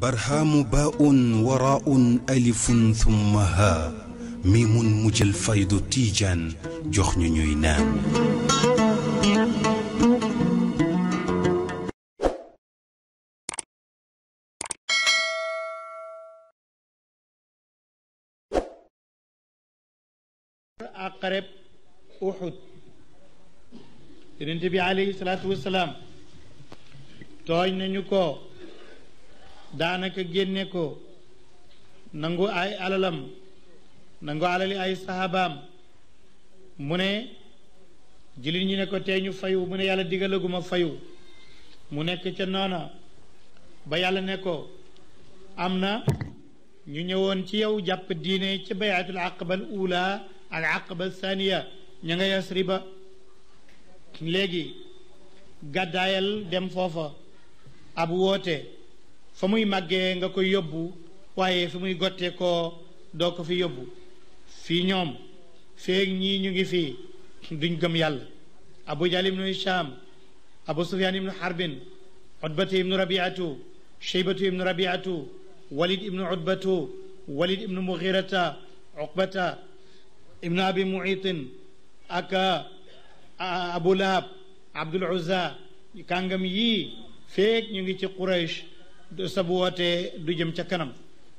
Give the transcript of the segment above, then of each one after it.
برهام باء وراء ألف ثم ها ميم مجل تيجان جخن نينان أقرب أحد النبي عليه الصلاة والسلام توين نيوكو daanaka génne ko nangu ay alalam nangu alali ay sahabaam mu ne jullit ñi ne ko tee ñu fayu mu ne yàlla digalaguma fayu mu nekk ca noona ba yàlla ne ko am na ñu ñëwoon ci yow jàpp diine ci bayatul aqaba al ula al aqaba saniya ña nga léegi gàddaayal dem foofa ab woote fa muy màggee nga koy yóbbu waaye fi muy gottee koo doo ko fi yóbbu fii ñoom feeg ñii ñu ngi fii duñ gëm yàlla abu jahl ibnu hisham abu sufyaan ibnu xarbin utbatu ibnu rabiatu cheybatu ibnu rabiatu walid ibnu utbatu walid ibnu muxirata uqbata ibnu abi muitin ak abu lahab abdul uzza kàngam yii feeg ñu ngi ci quraysh sa bu wootee du jëm ca kanam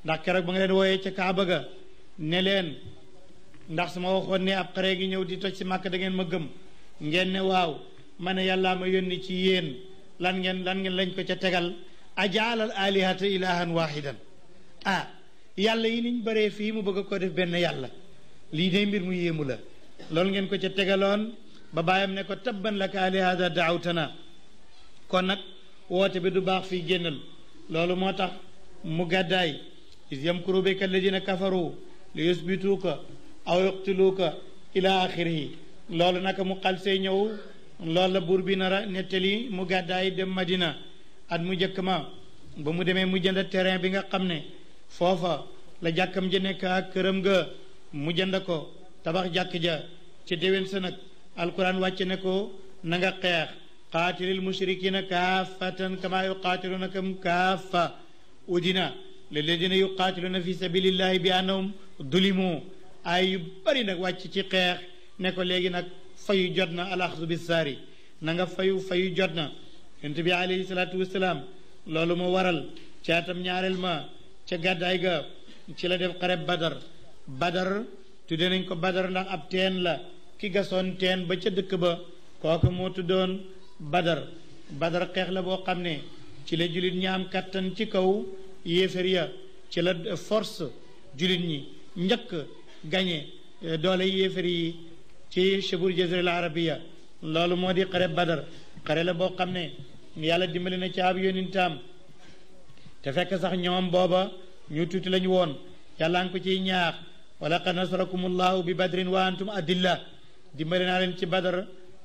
ndax keroog ba nga leen wooyee ca Kaaba ga ne leen ndax su ma waxoon ne ab xare gi ñëw di toj si màkk da ngeen ma gëm ngeen ne waaw ma ne yàlla ma yónni ci yéen lan ngeen lan ngeen lañ ko ca tegal ajaalal alihata ilahan wahidan ah yàlla yi niñ bëree fii mu bëgg ko def benn yàlla lii de mbir mu yéemu la lool ngeen ko ca tegaloon ba bàyyam ne ko tabban laka alihada daawtana kon nag woote bi du baax fii génnal loolu moo tax mu gàddaay is yamkuru bika alladina kafaru li yusbituuka aw yuqtiluuka ila axirihi loolu naka mu xalsee ñëw loolu la buur bi nar a nettali mu gàddaay dem Madina at mu njëkk ma ba mu demee mu jënd terrain bi nga xam ne foofa la jàkkam ja nekk këram nga mu jënd ko tabax jàkk ja ci déwén sa nag alquran wàcce ne ko na nga xeex قاتل المشركين كافة كما يقاتلونكم كافة أذن للذين يقاتلون في سبيل الله بأنهم ظلموا ay yu bari nag wàcc ci xeex ne ko léegi nag fayu jot na alaxdu bi saari na nga fayu fayu jot na yonent bi alayhi salaatu wasalaam loolu ma waral caatam ñaareel ma ca gàddaay ga ci la def xare badar badar tudde nañ ko badar ndax ab teen la ki gasoon teen ba ca dëkk ba kooku moo tuddoon badar badar xeex la boo xam ne ci la jullit ñi am kàttan ci kaw yéefér ya ci la force jullit ñi njëkk gañe eh, doole yéefér yi ci chebur jaziril arabia loolu moo di xare badar xare la boo xam ne yàlla dimbali na ci ab yónintaam te fekk sax ñoom booba ñu tuuti lañu woon yàlla ngi ko ciy ñaax wala qad nasarakum allahu bi badrin wa antum adilla dimbali naa leen ci badar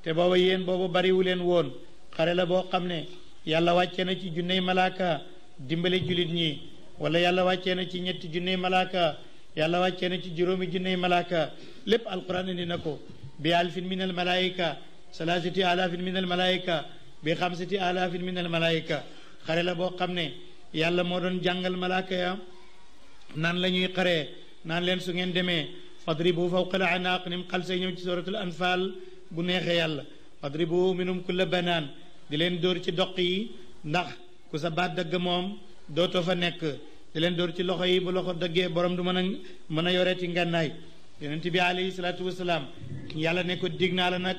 te booba yéen boobu bariwu leen woon xare la boo xam ne yàlla wàccee na ci junney malaaka dimbale jullit ñi wala yàlla wàccee na ci ñetti junney malaaka yàlla wàccee na ci juróomi junney malaaka lépp alquran indi na ko bi alfin min al malaayika salaasati alaafin min al malaayika bi xamsati alaafin min al malaayika xare la boo xam ne yàlla moo doon jàngal malaaka ya naan la ñuy xaree naan leen su ngeen demee fadribu fawqa al anaaq nim xal say ñëw ci suratul anfal bu neexee yàlla wadribu minhum kulla banaan di leen dóor ci doq yi ndax ku sa baat dëgg moom dootoo fa nekk di leen dóor ci loxo yi bu loxo dëggee borom du mën a mën a yoreeti ngànnaay yonent bi alayhi salaatu wasalaam yàlla ne ko dig naa la nag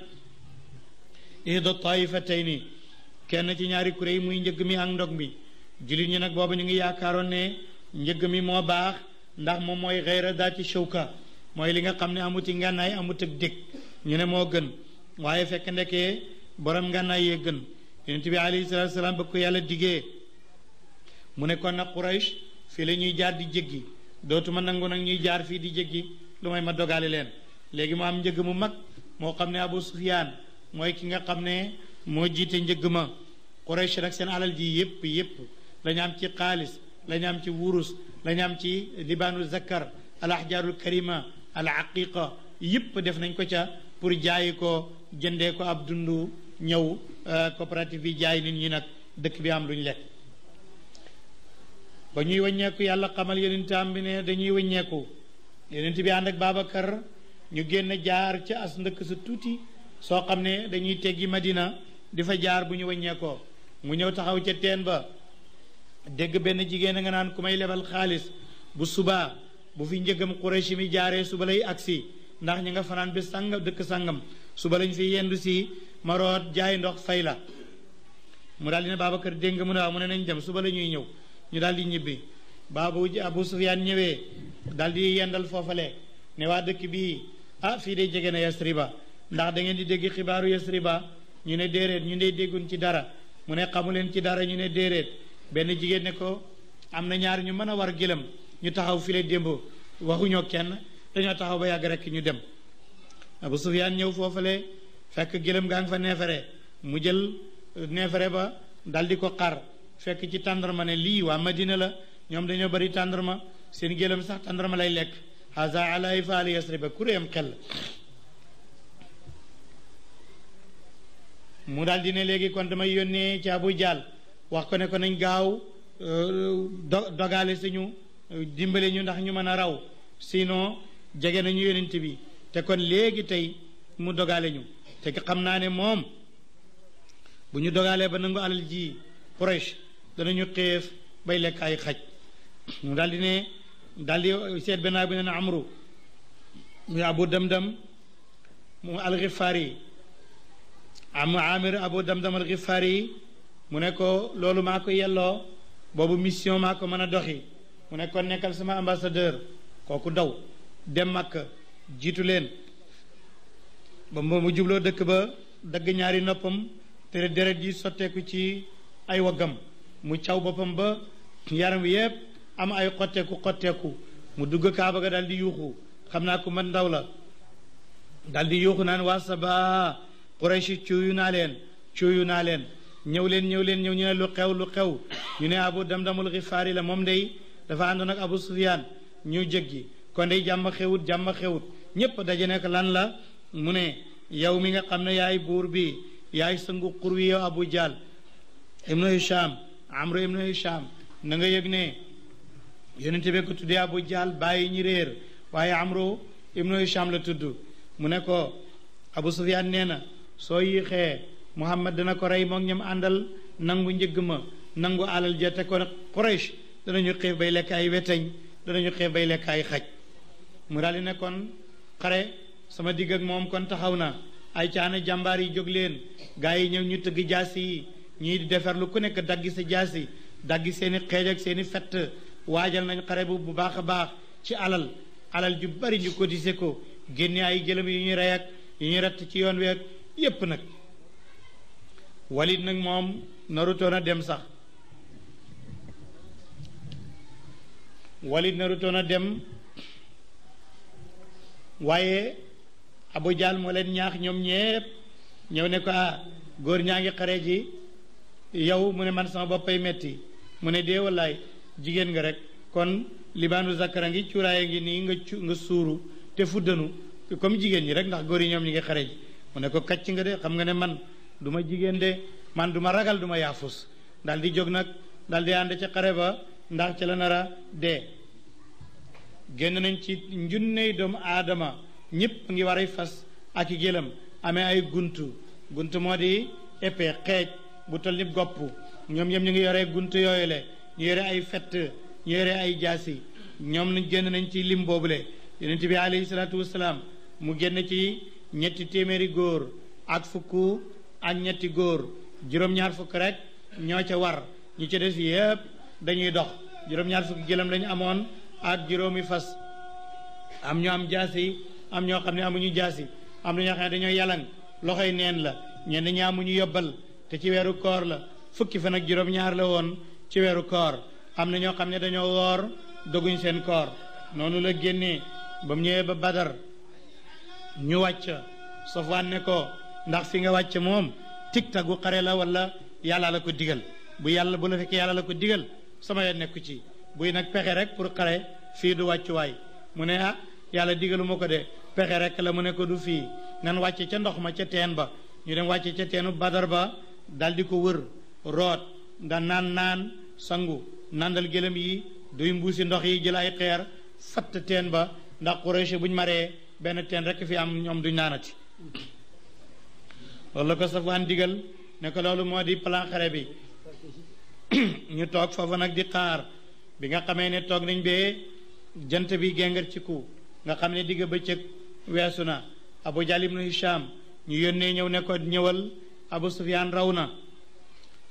ihda taifatayni kenn ci ñaari kuré yi muy njëgg mi ak ndog mi jullit ñi nag booba ñu ngi yaakaaroon ne njëgg mi moo baax ndax moom mooy xeyra daa ci shawka mooy li nga xam ne amuti ngànnaay amut ak dég ñu ne moo gën waaye fekk ndekee borom ngànnaay yee gën yonent bi alayhi salaam ba ko yàlla digee mu ne kon nag Quraysh fii la ñuy jaar di jéggi dootuma nangu nag ñuy jaar fii di jéggi lu may ma dogale leen léegi mu am njëg mu mag moo xam ne Abu Sufyaan mooy ki nga xam ne moo jiite njëg ma Quraysh nag seen alal ji yépp yépp lañu am ci xaalis lañu am ci wurus lañu am ci libaanu zakar al ahjaarul karima al aqiqa yépp def nañ ko ca pour jaayi ko jëndee ko ab dund ñëw euh, coopérative bi jaay nit ñi nag dëkk bi am luñ lekk ba ñuy wàññeeku yàlla xamal yonent am bi ne dañuy wàññeeku yonent bi ànd ak Babacar ñu génn jaar ca as ndëkk sa tuuti soo xam ne dañuy teggi Madina di fa jaar bu ñu wàññeekoo mu ñëw taxaw ca teen ba dégg benn jigéen a nga naan ku may lebal xaalis bu suba bu fi njëgam Quraysh mi jaaree suba lay agsi ndax ñi nga fanaan bi sànga dëkk sàngam suba lañ fi yendu si maroot jaay ndox fay la mu daal di ne Babacar dégg nga mu ne waaw mu ne nañ dem suba la ñuy ñëw ñu daal di ñibbi baabu Abu Sufyaan ñëwee daal di yendal foofale ne waa dëkk bii ah fii day jege na Yasriba ndax da ngeen di dégg xibaaru Yasriba ñu ne déeréet ñu ne déggun ci dara mu ne xamu leen ci dara ñu ne déeréet benn jigéen ne ko am na ñaar ñu mën a war gilam ñu taxaw file démb waxuñoo kenn dañoo taxaw ba yàgg rek ñu dem abu sufyaan ñëw foofale fekk gëlëm gaa ngi fa neefare mu jël euh, neefare ba dal di ko xar fekk ci ma ne lii waa ma madina la ñoom dañoo bari ma seen gëlëm sax ma lay lekk haza alay faali yasriba kuréem xel mu daal ne léegi kon damay yónnee ci abu jaal wax ko ne ko nañ gaaw euh, do dogaale suñu euh, dimbale ñu ndax ñu mën a raw sinon jege nañu yonent bi te kon léegi tey mu dogale ñu te xam naa ne moom bu ñu dogalee ba nangu alal ji proche danañu xiif bay lekk ay xaj mu daldi di ne daal di benn na amru muy abu dem dam mu alxifaar yi am amir abu dam-dam alxifaar mu ne ko loolu maa ko yelloo boobu mission maa ko mën a doxi mu ne ko nekkal sama ambassadeur kooku daw dem Makka jiitu leen ba mu jubloo dëkk ba dagg ñaari noppam tere deret yi sotteeku ci ay waggam mu caw boppam ba yaram wi yépp am ay xotteeku xotteeku mu dugg kaaba ga daal di yuuxu xam naa ko man ndaw la daal di yuuxu naan waa saba Quraysh cuuyu naa leen cuuyu naa leen ñëw leen ñëw leen ñëw ñu ne lu xew lu xew ñu ne abu dam damul xifaari la moom day dafa àndoon ak abu sufiyaan ñu jéggi kon day jàmm xewut jàmm xewut ñépp daje nekk lan la mu ne yow mi nga xam ne yaay buur bi yaay sangu xur wi yow abu jaal ibnu hisham amru ibnu hisham na nga yëg ne yonente bi ko tuddee abu jaal bàyyi ñu réer waaye amru ibnu hisham la tudd mu ne ko abu sufyaan nee na soo mu muhammad dana ko rey moom ñam àndal nangu njëgg ma nangu alal ja te kon quraish danañu xiif bay lekk ay weteñ danañu xiif bay lekk ay xaj mu daal di ne kon xare sama digg ak moom kon taxaw na ay caana jàmbaar yi jóg leen gaa yi ñëw ñu tëgg jaasi yi ñii defarlu ku nekk daggi sa jaasi daggi seeni xeej ak seeni fett waajal nañ xare bu bu baax a baax ci alal alal ju bari ñu cotiser ko génne ay gëlëm yu ñuy rey ak yu ñu ratt ci yoon weer yépp nag Walid nag moom narutoon a dem sax Walid narutoon a dem waaye Abu Jahl moo leen ñaax ñoom ñépp ñëw ne ko ah góor ñaa ngi xare ji yow mu ne man sama boppay metti mu ne dee wallaay jigéen nga rek kon libaanu zakara ngi cuuraay ngi nii nga cu nga suuru te fuddanu comme jigéen ñi rek ndax góor yi ñoom ñi ngi xare mu ne ko kacc nga de xam nga ne man du ma jigéen de man du ma ragal du ma yaafus daal di jóg nag daal di ànd ca xare ba ndax ca la nara de génn nañ ci njunney doomu aadama ñëpp ngi war ay fas ak i amee ay gunt gunt moo di épée xeej bu tol ni gopp ñoom ñoom ñu ngi yoree gunt yooyu le ñu yore ay fett ñu yore ay jaasi ñoom nañ génn nañ ci lim boobule yonent bi alayhi salaatu wasalaam mu génn ci ñetti téeméeri góor ak fukk ak ñetti góor juróom-ñaar fukk rek ñoo ca war ñu ca des yépp dañuy dox juróom-ñaar fukk gëlam lañu amoon ak juróomi fas am ñu am jaasi am ñoo xam ne amuñu jaasi am na xam ne dañoo yalang loxoy neen la ñenn ñi amuñu yobbal te ci weeru koor la fukki fan ak juróom-ñaar la woon ci weeru koor am na ñoo xam ne dañoo woor doguñ seen koor noonu la génnee ba mu ñëwee ba badar ñu wàcc Safwaan ne ko ndax fi nga wàcc moom tig-tagu xare la walla yàlla la ko digal bu yàlla bu la fekkee yàlla la ko digal sama yoon nekku ci buy nag pexe rek pour xale fii du wàccuwaay mu ne ah yàlla digalu ma ko de pexe rek la mu ne ko du fii nan wàcce ca ndox ma ca teen ba ñu dem wàcce ca teenu badar ba dal di ko wër root nda naan naan sangu nandal gëlëm yi duy mbuusi ndox yi jël ay xeer fatt teen ba ndax Quraysh buñ maree benn teen rek fi am ñoom du naanati loolu la ko Safwaan digal ne loolu moo di plan xare bi ñu toog foofu nag di xaar bi nga xamee ne toog nañ bee jant bi gengar ci ku nga xam ne digg bëccëg weesu na abu jahl ibnu hisham ñu yónnee ñëw ne ko ñëwal abu sufyaan raw na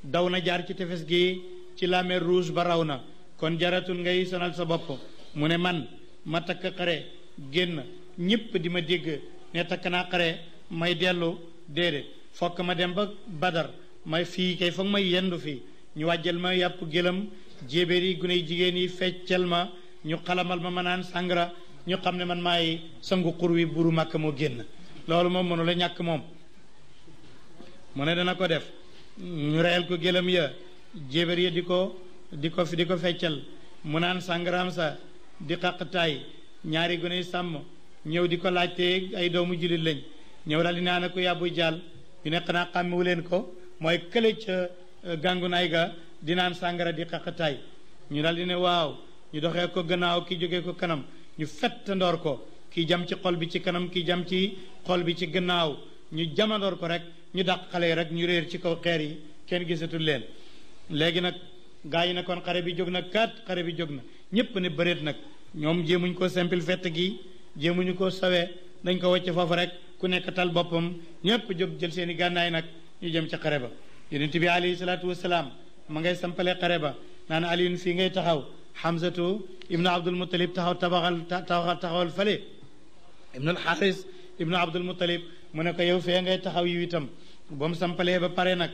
daw na jaar ci tefes gi ci la mer ba raw na kon jaratul ngay sonal sa bopp mu ne man ma takk xare génn ñépp di ma dégg ne takk naa xare may dellu déedéet fokk ma dem ba badar may fii kay foog may yendu fii ñu wàjjal ma yàpp gëlam jéebéer yi gune jigéen yi feccal ma ñu xalamal ma ma naan sàngara ñu xam ne man may sangu xur wi buru màkk moo génn loolu moom mënu la ñàkk moom mu ne dana ko def ñu reyal ko gëlam ya jéebéer ya di ko di ko di ko feccal mu naan sàngaraam sa di xaqtaay ñaari gune sàmm ñëw di ko laajte ay doomu jullit lañ ñëw daal di naan ko yàbbu jaal ñu ne xanaa xàmmewu leen ko mooy kële eh, gàngunaay ga di naan sàngara di xaqataay ñu daal di ne waaw ñu doxee ko gannaaw ki jógee ko kanam ñu fett ko kii jam ci xol bi ci kanam ki jam ci xol bi ci gannaaw ñu jamandoor ko rek ñu dàq xale yi rek ñu réer ci kaw xeer yi kenn gisatul leen léegi nag gaa yi ne kon xare bi jóg na kat xare bi jóg na ñépp ne bëreet nag ñoom jéemuñ ko simple fett gi jéemuñu ko sawee dañ ko wàcc foofu rek ku nekk tal boppam ñépp jóg jël seeni gànnaay nag ñu jëm ca xare ba yonent bi alayhi ma ngay sampale xare ba naan Alioune fii ngay taxaw Hamzatu ibnu Abdul Muttalib taxaw tabaxal taxawal fale ibnul Xaaris ibnu Abdul Muttalib mu ne ko yow fee ngay taxaw yu itam ba mu sampalee ba pare nag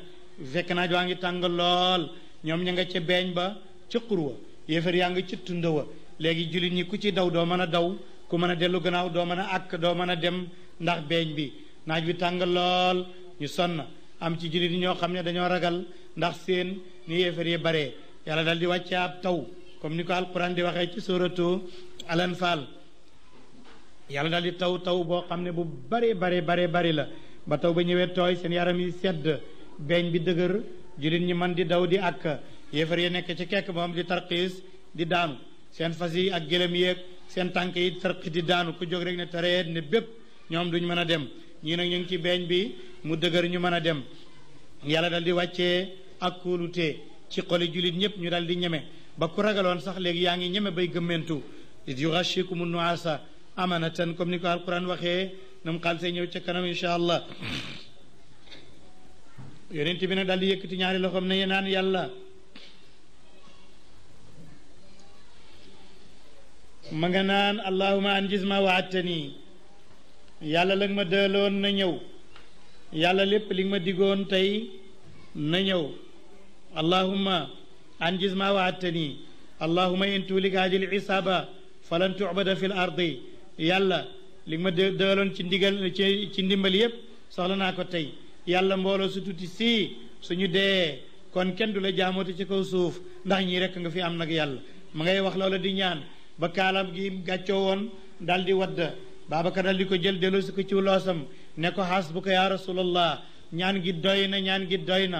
fekk naaj waa ngi tàng lool ñoom ña nga ca beeñ ba ca xurwa yéefar yaa ngi ci tunda wa léegi jullit ñi ku ci daw doo mën a daw ku mën a dellu gannaaw doo mën a àkk doo mën a dem ndax beeñ bi naaj bi tàng lool ñu sonn am ci jullit ñoo xam ne dañoo ragal ndax seen ni yefere ye bare yalla dal di wàcce ab taw comme ni ko alquran di waxe ci suratu alanfal yalla dal di taw taw bo xamne bu bare bare bare bare la ba taw ba ñewé toy seen yaram yi sedd beñ bi deugër jullit ñi man di daw di ak yefere ye nek ci kekk moom di Tarqis di daanu seen fasi ak gelam yek seen tank yi di daanu ku jog rek ne tare ne bepp ñom duñ mëna dem ñi nak ñu ci beñ bi mu deugër ñu mëna dem yalla dal di ak kóolute ci xoli jullit ñëpp ñu daal di ñeme ba ku ragaloon sax léegi yaa ngi ñeme bay gëmmentu yurashikum nuasa amanatan comme ni ko alquran waxee nam xaalisee ñëw ca kanam incha allah yonent bi nag daal di yëkkati ñaari loxoom ne naan yàlla ma nga naan allahuma anjiz ma waadtani yàlla la ma dëloon na ñëw yàlla lépp li ma diggoon tey na ñëw اللهم أنجز ما وعدتني اللهم إن تولك هذه العصابة فلن تعبد في الأرض يلا li ma dëloon ci ndigal ci ci ndimbal yépp soxla naa ko tey yàlla mbooloo su tuuti sii suñu dee kon kenn du la jaamooti ci kaw suuf ndax ñii rekk nga fi am nag yàlla ma ngay wax loola di ñaan ba kaalam gi gàccoo woon dal di wadda baabaka ko jël delloo si ko ci loosam ne ko xaas bu ko ñaan gi doy ñaan gi doy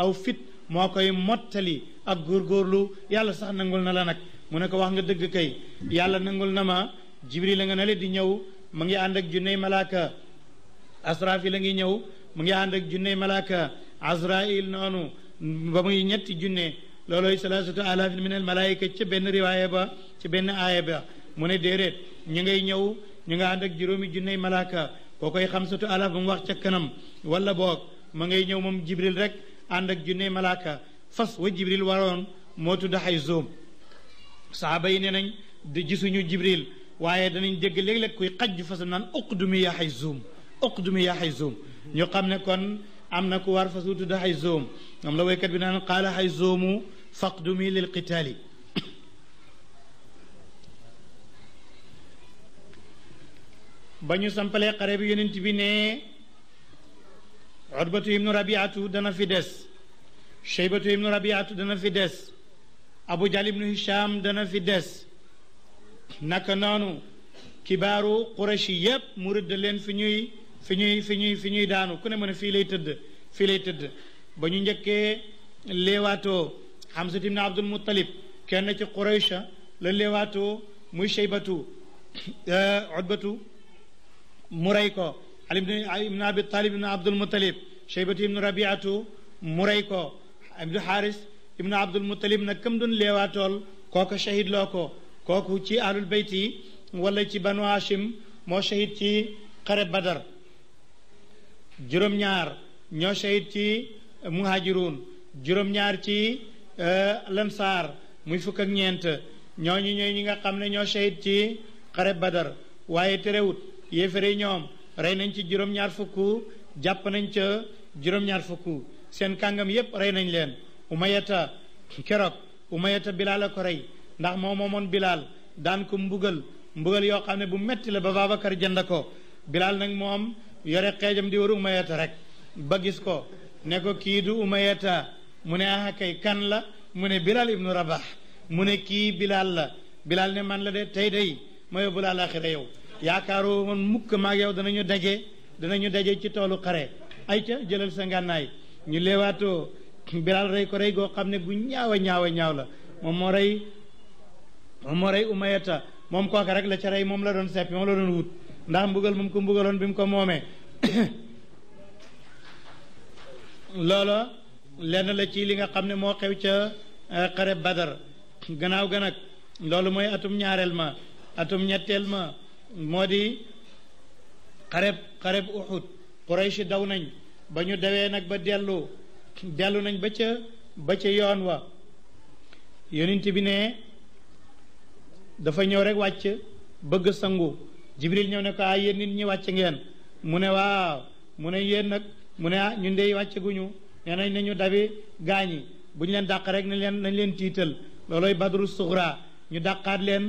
aw fit moo koy mottali ak góorgóorlu yàlla sax nangul na la nag mu ne ko wax nga dëgg kay yàlla nangul na ma jibril la nga nale di ñëw ma ngi ànd ak junney malaaka asrafi la ngi ñëw mu ngi ànd ak junney malaaka azrail noonu ba muy ñetti junne loolooy salaasatu alaafin min al malaayika ci benn riwaaya ba ci benn aaya ba mu ne déeréet ñu ngay ñëw ñu nga ànd ak juróomi junney malaaka koo koy xamsatu alaaf ba mu wax ca kanam wala boog ma ngay ñëw moom jibril rek ànd ak junne malaaka fas wa jibril waroon moo tudd xay zoom saxaaba yi nee nañ di gisuñu jibril waaye danañ dégg léeg-léeg kuy xajju fasam naan uqdumi yaa xay zoom uqdumi yaa xay zoom ñu xam ne kon am na ku war fas wu tudd xay zoom moom la waykat bi naan qaala xay zoomu faqdumi lil qitaali ba ñu sampalee xare bi yonent bi ne عربة ابن ربيعة دنا فيدس شيبة ابن ربيعة دنا فيدس أبو جعل ابن هشام دنا فيدس نكنانو كبارو قرشي يب مرد لين فيني فيني فيني فيني دانو كنا من في ليتد في ليتد بنجك لواتو حمزة ابن عبد المطلب كأنه قريش للواتو مش شيبة آه، عدبة مرايكو علي بن ابن ابي طالب بن عبد المطلب شيبه بن ربيعه muray ko abdou haris ibnu abdul muttalib nag kam doon leewaatool kooku shahid loo ko kooku ci ahlul bayt yi wala ci banu hashim moo shahid ci xare badar juróom-ñaar ñoo shahid ci muhajirun juróom-ñaar ci lansaar muy fukk ak ñeent ñooñu ñooy ñi nga xam ne ñoo shahid ci xare badar waaye terewut yéefare ñoom rey nañ ci juróom-ñaar fukk jàpp nañ ca juróom-ñaar fukk seen kàngam yépp rey nañ leen umayata keroog umayata bilaal a ko rey ndax moo moomoon bilaal daan ko mbugal mbugal yoo xam ne bu metti la ba Babacar jënd ko bilaal nag moom yore xeejam di war umayata rek ba gis ko ne ko kii du umayata mu ne ah kay kan la mu ne bilaal ibnu rabax mu ne kii bilaal la bilaal ne man la de tey day ma yóbbu la àllaaxira yow yaakaaroo woon mukk maag yow danañu daje danañu daje ci toolu xare ay ca jëlal sa ngànnaay ñu leewaatoo bilaal rey ko rey goo xam ne gu ñaaw a ñaaw ñaaw la moom moo rey moom moo rey umayata moom kooka rek la ca rey moom la doon seppi moom la doon wut ndax mbugal moom ko mbugaloon bi mu ko moomee loola lenn la ci li nga xam ne moo xew ca eh, xare badar gannaaw ga nag loolu mooy atum ñaareel ma atum ñetteel ma moo di xareb xareb uxud quraysh daw nañ ba ñu dawee nag ba dellu dellu nañ ba ca ba ca yoon wa yonent bi ne dafa ñëw rek wàcc bëgg sangu jibril ñëw ne ko ah yéen nit ñi wàcc ngeen mu ne waaw mu ne yéen nag mu ne ah ñu ndey wàcc guñu nee nañ nañu dabi gaañi bu ñu leen dàq rek nañ leen nañ leen tiital loolooy badru suxra ñu dàqaat leen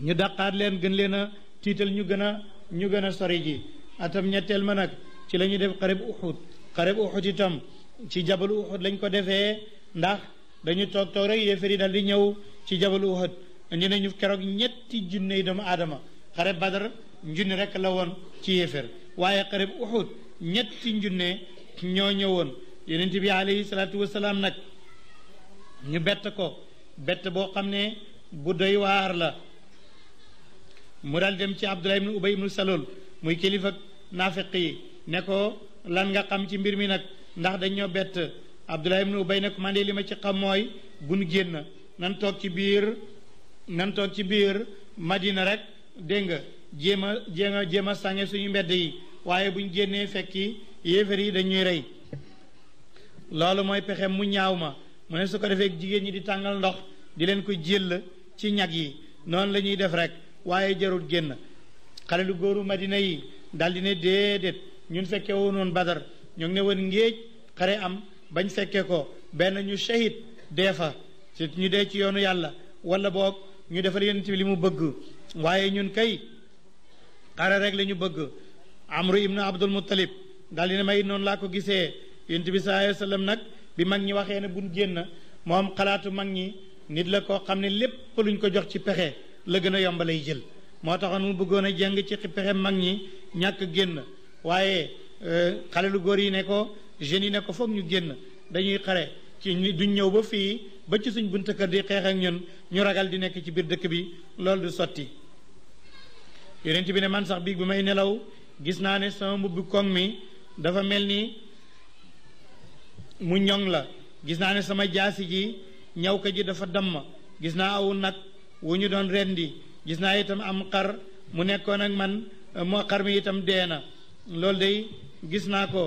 ñu daqaat leen gën leen a tiital ñu gën a ñu gën a sori ji atam ñetteel ma nag ci la ñu def xareb uxud xareb uxud itam ci jabal uxud lañ ko defee ndax dañu toog toog rek yéefar yi dal di ñëw ci jabal uxud ñu ne keroog ñetti junne yi doomu aadama xareb badar njunne rekk la woon ci yéefar waaye xareb uxud ñetti njunne ñoo ñëwoon yonent bi alayhi salaatu wasalaam nag ñu bett ko bett boo xam ne bu doy waar la Mural daal dem ci abdullah ibn ubay ibn salul muy kilifa nafiqi yi ne ko lan nga xam ci mbir mi nak ndax dañ ñoo abdullah ibn ubay nak man li ma ci xam mooy buñ genn nan tok ci bir nan tok ci bir madina rek dégg nga jema jema jéem suñu mbedd yi waaye buñ genné fekki yéefar yi dañuy rey lolu moy pexé mu ñaawma mu ne su ko jigéen ñi di tangal ndox di len ko jël ci ñag yi non lañuy def rek waaye jarul génn xale lu góoru madina yi daal di ne déedéet ñun fekkee woon badar ñoo ngi ne woon ngéej xare am bañ fekkee ko benn ñu shahid dee fa ci ñu dee ci yoonu yàlla wala boog ñu defal yonent bi li mu bëgg waaye ñun kay xare rek la ñu bëgg amru ibnu abdul muttalib daal di ne may noonu laa ko gisee yonent bi sa alayhi wasallam nag bi mag ñi waxee ne buñ génn moom xalaatu mag ñi nit la koo xam ne lépp luñ ko jox ci pexe la gën a yombalay jël moo tax mu bëggoon a jàng ci pexe mag ñi ñàkk génn waaye euh, xale lu góor yi ne ko jeunes yi ne ko foog ñu génn dañuy xare ci duñ ñëw ba fii ba ci suñ buntu kër di xeex ak ñun ñu ragal di nekk ci biir dëkk bi loolu du sotti yonent bi ne man sax bii bu may nelaw gis naa ne sama mbubbi koŋ mi dafa mel ni mu ñoŋ la gis naa ne sama jaasi ji ñaw ji dafa damm gis naa aw nag wu ñu doon rendi gis naa itam am xar mu nekkoon ak man moo xar mi itam dee na loolu de gis naa ko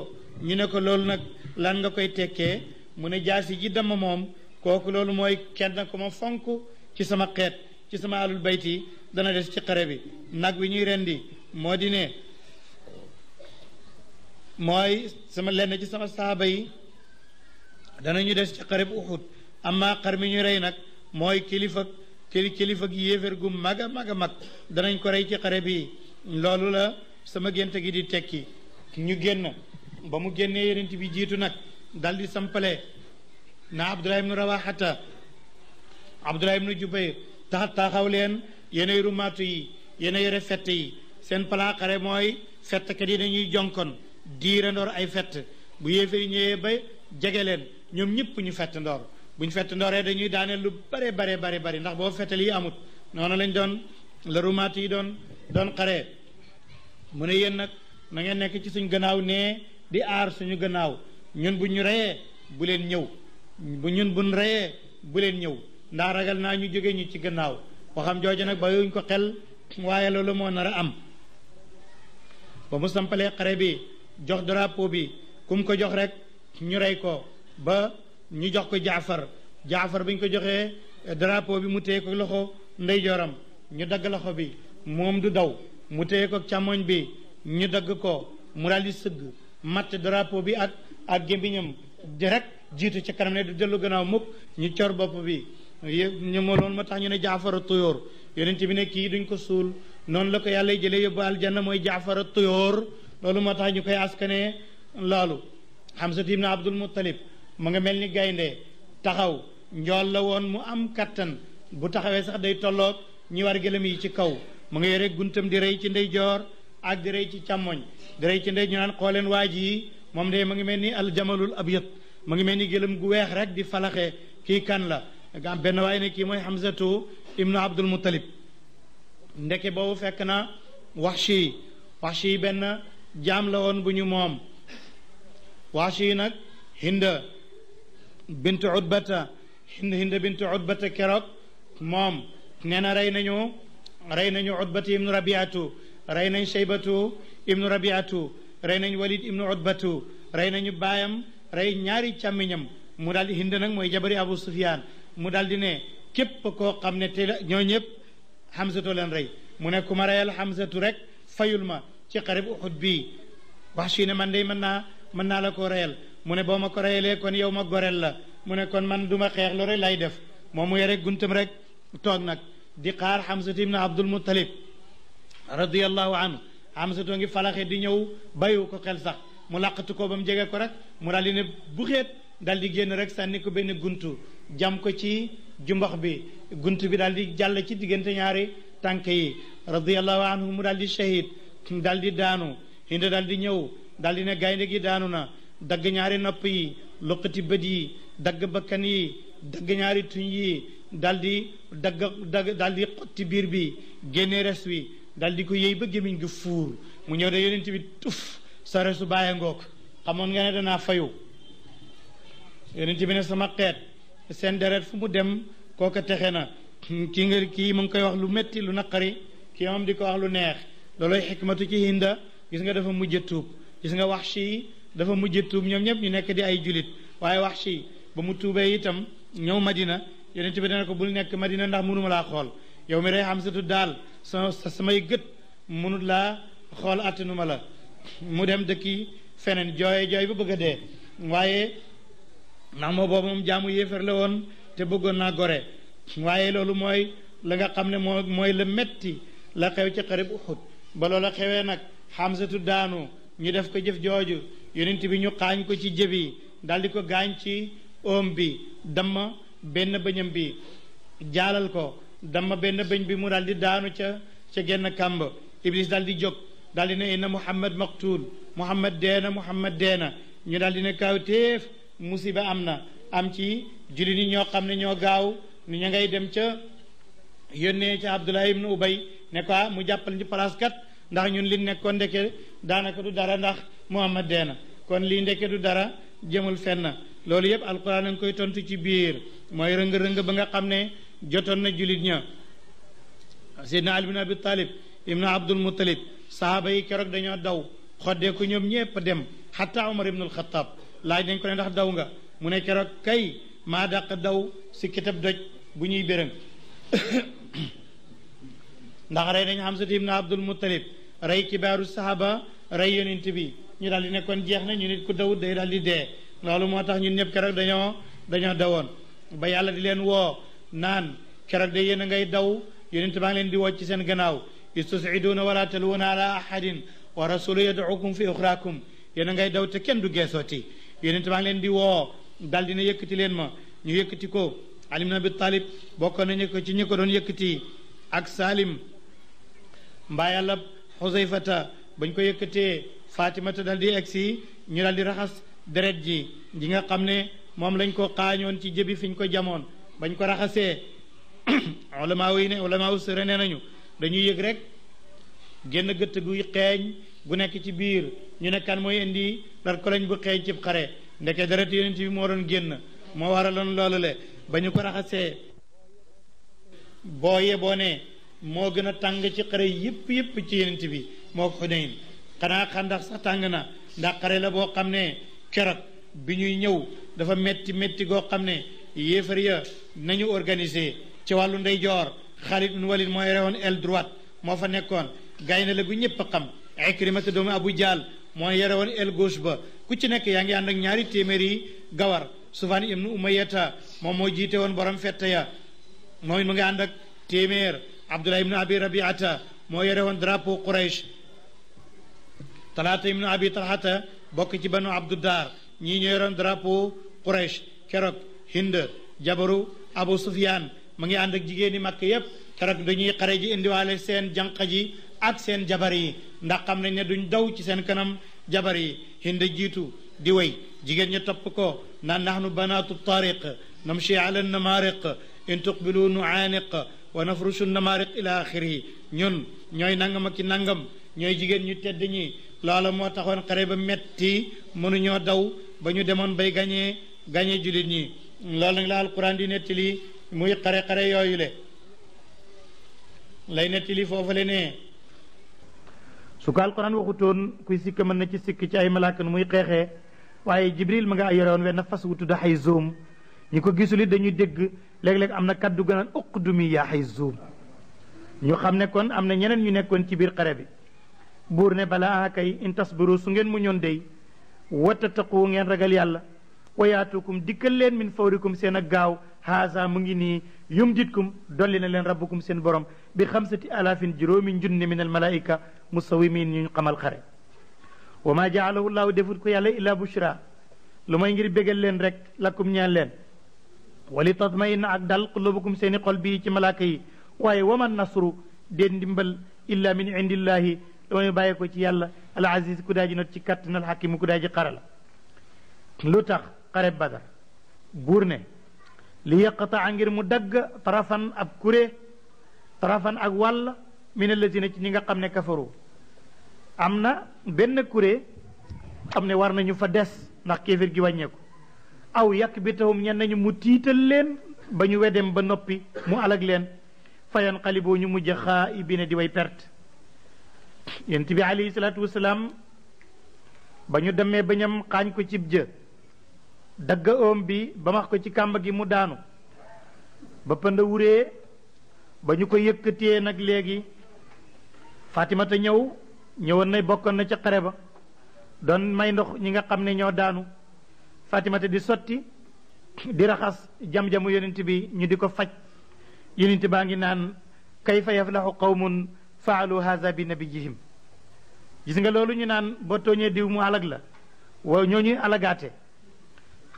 ñu ne ko loolu nag lan nga koy tekkee mu ne jaasi ji dama moom kooku loolu mooy kenn ko ma fonk ci sama xeet ci sama alul bayti dana des ci xare bi nag wi ñuy rendi moo di ne mooy sama lenn ci sama saaba yi ñu des ci xare bu Uhud amma xar mi ñu rey nag mooy kilifa kili kilifa gi yéefér gu mag a mag a mag danañ ko rey ci xare bi loolu la sama gént gi di tekki ñu génn ba mu génnee yonent bi jiitu nag dal di sampale na abdullah ibnu rawaxata abdullah ibnu jubayr tax taxaw leen yeney rumaatu yi yene yore fett yi seen palaa xare mooy fettkat yi dañuy jonkon diirandoor ay fett bu yéefér yi ñëwee ba jege leen ñoom ñëpp ñu fett ndoor buñ fett ndoré dañuy daané lu bare bare bare bare. ndax bo fetal yi amut nonu lañ doon le rumati doon doon xaré mune yeen nak na ngeen nek ci suñu gënaaw né di ar suñu gënaaw ñun bu rayé bu len ñew bu ñun buñ rayé bu len ñew ndax ragal na ñu joggé ñu ci xam waxam nak ba yuñ ko xel waye lolu mo nar am ba mu sampalé xaré bi jox drapeau bi kum ko jox rek ñu ray ko ba ñu jox ko jaafar jaafar bi ko joxee drapeau bi mu téye ko loxo ndeyjooram ñu dagg loxo bi moom du daw mu téye ko càmmoñ bi ñu dagg ko mu daal di sëgg matt drapeau bi ak ak gémmiñam di rek jiitu ci kanam ne du dellu gannaaw mukk ñu cor bopp bi ñu moo loolu moo tax ñu ne jaafara tuyóor yonent bi ne kii duñ ko suul noonu la ko yàlla jëlee yóbbu aljanna mooy jaafara tuyóor loolu moo tax ñu koy askane loolu xamsatu ibn abdul muttalib mu ngi mel ni gaynde taxaw njool la woon mu am kattan bu taxawee sax day tolloog ñi war gëlëm yi ci kaw mu nga yore guntam di rey ci ndeyjoor ak di rey ci càmmoñ di rey ci ndey ñu naan xooleen waaj yi moom de mu ngi mel ni aljamalul abyad mu ngi mel ni gëlëm gu weex rek di falaxe kii kan la nga am benn waaye ne kii mooy Hamzatu ibnu Abdul Muttalib ndeke boobu fekk na Waxshi Waxshi benn jaam la woon bu nag bintu utbata hind hind bintu utbata keroog moom nee na rey nañu rey nañu utbatu ibnu rabiatu rey nañ shaybatu ibnu rabiatu rey nañu walid ibnu utbatu rey nañu baayam rey ñaari càmmiñam mu daal di hind nag mooy jabari abu sufyaan mu daal di ne képp koo xam ne te ñoo ñëpp xamsatu leen rey mu ne ku ma reyal xamsatu rek fayul ma ci xarib uxud bii wax si ne man day mën naa mën naa la koo reyal mu ne boo ma ko reyalee kon yow ma goreel la mu ne kon man du ma xeex loolu lay def moom mu yore guntam rek toog nag di xaar xamsatu ibn abdul muttalib radiallahu anhu xamsatoo ngi falaxe di ñëw bayu ko xel sax mu làqatu ko ba mu jege ko rek mu daal di ne buxeet daal di génn rek sànni ko benn gunt jam ko ci jumbax bi gunt bi daal di jàll ci diggante ñaari tànk yi radiallahu anhu mu daal di shahid daal di daanu hinda daal di ñëw daal di ne gaynde gi daanu na dagg ñaari nopp yi luqati bët yi dagg bakkan yi dagg ñaari tuñ yi daldi dagg dagg daldi xotti biir bi génne res wi daldi ko yey ba gémmiñ gi fuur mu ñëw da yonent bi tuf sa resu bàyyi ngoog xamoon nga ne dana fayu yonent bi ne sama xeet seen deret fu mu dem kooka texe na kii nga mu ngi koy wax lu metti lu naqari ki moom di ko wax lu neex looloy xikmatu ci hinda gis nga dafa mujj gis nga wax ci dafa mujj tuub ñoom ñëpp ñu nekk di ay julit waaye wax si ba mu tuubee itam ñëw madina yonent bi dana ko bul nekk madina ndax mënuma laa xool yow mi rey xamsatu daal sa samay gët mënut laa xool attanuma la mu dem dëkki feneen jooye jooy ba bëgg a dee waaye ndax moo boobu moom jaamu yéefar la woon te bëggoon naa gore waaye loolu mooy la nga xam ne moo mooy la metti la xew ci xarib Uhud ba loola xewee nag xamsatu daanu ñu def ko jëf jooju yonent bi ñu xaañ ko ci jëbi daal di ko gaañ ci oom bi dama benn bëñam bi jaalal ko dama benn bëñ bi mu daal di daanu ca ca genn kàmb iblis daal di jóg daldi di ne inna muhammad maqtuul muhammad deena muhammad deena ñu daal di ne kaaw téef musiba am na am ci jullit ñi ñoo xam ne ñoo gaaw ni ña ngay dem ca yónnee ca abdullah ibnu ubay ne ah mu jàppal ñu place ndax ñun li nekkoon ndeke daanaka du dara ndax Muhammad dee na kon lii ndeke du dara jëmul fenn loolu yëpp alquran a ngi koy tontu ci biir mooy rëng-rëng ba nga xam ne jotoon na julit ña sidna ali bin abi talib ibnu abdul muttalib saaba yi keroog dañoo daw xoddeeku ñoom ñépp dem xatta omar ibnul xataab laaj dañ ko ne ndax daw nga mu ne keroog kay maa dàq daw si kitab doj bu ñuy bérëng ndax rey nañ Hamza ibn Abdul Muttalib rey kibaaru sahaba rey yonent bi ñu daal di kon jeex na ñu nit ku dawut day daal di dee loolu moo tax ñun ñëpp keroog dañoo dañoo dawoon ba yàlla di leen woo naan keroog de yéen a ngay daw yonent baa ngi leen di woo ci seen gannaaw istusiduuna wala taluuna ala ahadin wa rasulu yaduukum fi uxraakum yéen a ngay daw te kenn du geesooti yonent baa ngi leen di woo daal ne yëkkati leen ma ñu yëkkati ko alim ibn abi talib bokkoon nañu ko ci ñi doon yëkkati ak salim mbaa yàlla fata bañ ko yëkkatee fatimata dal di egsi ñu dal di raxas deret ji ji nga xam ne moom lañ ko xaañoon ci jëbi fiñ ko jamoon bañ ko raxasee ulamaa yi ne ulamaa u sëre nee nañu dañuy yëg rek génn gëtt guy xeeñ gu nekk ci biir ñu ne kan mooy indi dar ko lañ bu xeeñ cib xare ndeke deret yonent bi moo doon génn moo waraloon loolu le ba ñu ko raxasee boo yeboo ne moo gën a tàng ci xare yëpp yëpp ci yenent bi moo ko Xunayn xanaa ndax sax tàng na ndax xare la boo xam ne keroog bi ñuy ñëw dafa metti metti goo xam ne yéefar ya nañu organisé ci wàllu ndeyjoor Xaalid bin Walid mooy moo fa nekkoon gaynde la gu ñëpp a xam Ikrimata doomu Abu Jahl mooy yore woon aile gauche ba ku ci nekk yaa ngi ànd ak ñaari téeméeri yi gawar Sufyaan ibnu Umayyata moom moo jiite woon borom fett ya mooy mu ngi ànd ak téeméer abdullah ibnu abi rabiata moo yore woon drapeau quraysh talaata ibnu abi talhata bokk ci banu abdudar ñii ñoo yoroon drapeau quraysh keroog hind jabaru abu sufyan mu ngi ànd ak jigéen ñi màkk yépp keroog dañuy xare ji indiwaale seen janq ji ak seen jabar yi ndax xam na ne duñ daw ci seen kanam jabar yi hind jiitu di way jigéen ñi topp ko naan nahnu banaatu tariq namshi ala namaariq in tuqbilu nuaaniq wa nafrushu namaariq ila axiri ñun ñooy nangam ak ci nangam ñooy jigéen ñu tedd ñi loola moo taxoon xare ba metti mënuñoo daw ba ñu demoon bay gañee gañee jullit ñi loolu nag la alquran di lii muy xare-xare yooyu le lay nettali foofu le ne su ko alquran waxutoon kuy sikk na ci sikk ci ay malaaka nu muy xeexee waaye jibril ma nga yore woon wenn fas wu tudd xay zoom ñi ko gisulit dañuy dégg léeg-léeg am na kaddu gën a uq du mi yaaxay zuum ñu xam ne kon am na ñeneen ñu nekkoon ci biir xare bi buur ne balaa kay in tasbiru su ngeen mu ñoon dey wata taqu ngeen ragal yàlla wayaatukum dikkal leen min fawrikum seen a gaaw haasa mu ngi nii yum ditkum dolli na leen rabbukum seen borom bi xamsati alaafin juróomi junni min al malaayika musawimin ñu xamal xare wa ma jaalahu llahu defut ko yàlla illa bushra lu may ngir bégal leen rek lakkum ñaan leen wali tatmainna ak dal qulubukum seeni xol bii ci malaaka yi waaye waman nasru deen ndimbal illa min indillahi damay bàyyi ko ci yàlla al aziz ku daa ji not ci kattanal xakimu ku daa ji xara la lu tax xare badar buur ne li yaqataa ngir mu dagg tarafan ab kuré tarafan ak wàll min allazina ci ñi nga xam ne kafaru am na benn kuré xam ne war nañu fa des ndax kéefir gi wàññeeku aw bitahum ñen nañu mu tital leen ba ñu wedem ba noppi mu alag leen fayan qalibu ñu mujj xaaibina di way perte yent bi ali salatu wassalam ba ñu demee bañam xaañ ko ci bje dagga om bi ba max ko ci kamba gi mu daanu ba pënd wuré ba ñu ko nak légui fatima ta ñew ñewon na bokkon na ci xare ba don may ndox ñi nga xamné ño daanu fatimata di sotti di raxas jam-jamu yonent bi ñu di ko faj yonent baa ngi naan kayfa yaflahu qawmun faalu haza bi nabiyihim gis nga loolu ñu naan boo tooñee diw mu alag la waaw ñoo ñuy alagaate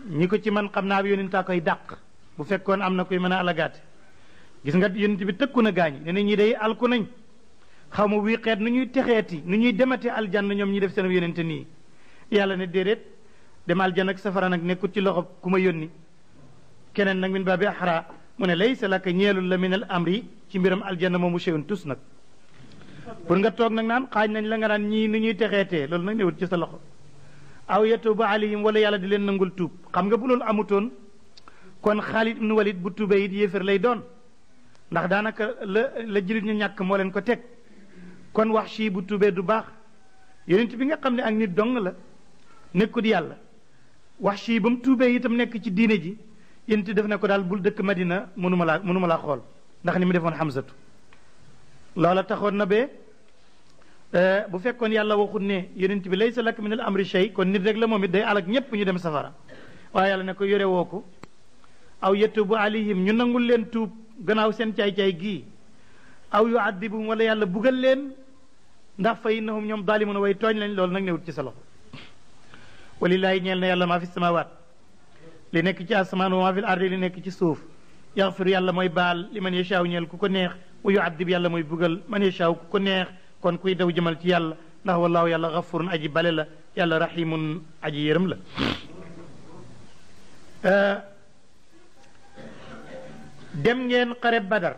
ñi ko ci man xam naa bi yonent a koy dàq bu fekkoon am na koy mën a alagaate gis nga yonent bi tëkku na gaañ ne ne ñi day alku nañ xaw ma wii xeet nu ñuy texeeti nu ñuy demate na ñoom ñi def seen yonente nii yàlla ne déedéet demal aljana ak safara nak nekut ci loxo kuma ma yónni keneen nag min baabi ahra mu laysa lak ñeelul la min al amri ci mbiram al aljana moomu cheyun tus nak pour nga tok nak nan xaj nañ la nga nan ñi ñii ni ñuy texeetee loolu nak newut ci sa loxo aw yatubu alayhim wala yàlla di len nangul tuub xam nga bu loolu amuton kon khalid ibn walid bu tuubee yi yéefar lay doon ndax danaka la la jilit ñu ñak mo len ko tek kon wax sii bu tuubee du bax yonent bi nga xam ak nit dong la nekut yàlla وحشي بم توبه يتم نك تي دين جي ينتي داف نكو دال بول دك مدينه منوما لا منوما لا خول داخ نيمي ديفون حمزه لولا تخون نبي ا بو فيكون يالا واخو ني يونتي بي ليس لك من الامر شيء كون نيت رك لا موميت داي الك نيب ني ديم سفارا وا يالا نكو يوري ووكو او يتوب عليهم ني نانغول لين توب غناو سين تاي تاي جي او يعذبهم ولا يالا بوغال لين ndax fa innahum ñom dalimuna way togn lañ lool nak newut ci sa ولله نيل نيل ما في السماوات لي نيك تي اسمان وما في الارض لي نيك تي سوف يغفر يالله موي بال لمن يشاء نيل كوكو نيه ويعذب يالله موي بوغل من يشاء كوكو نيه كون كوي داو جمال تي يالله لا هو الله يالله غفور اجي بال لا يالله رحيم اجي يرم لا ا دم نين قرب بدر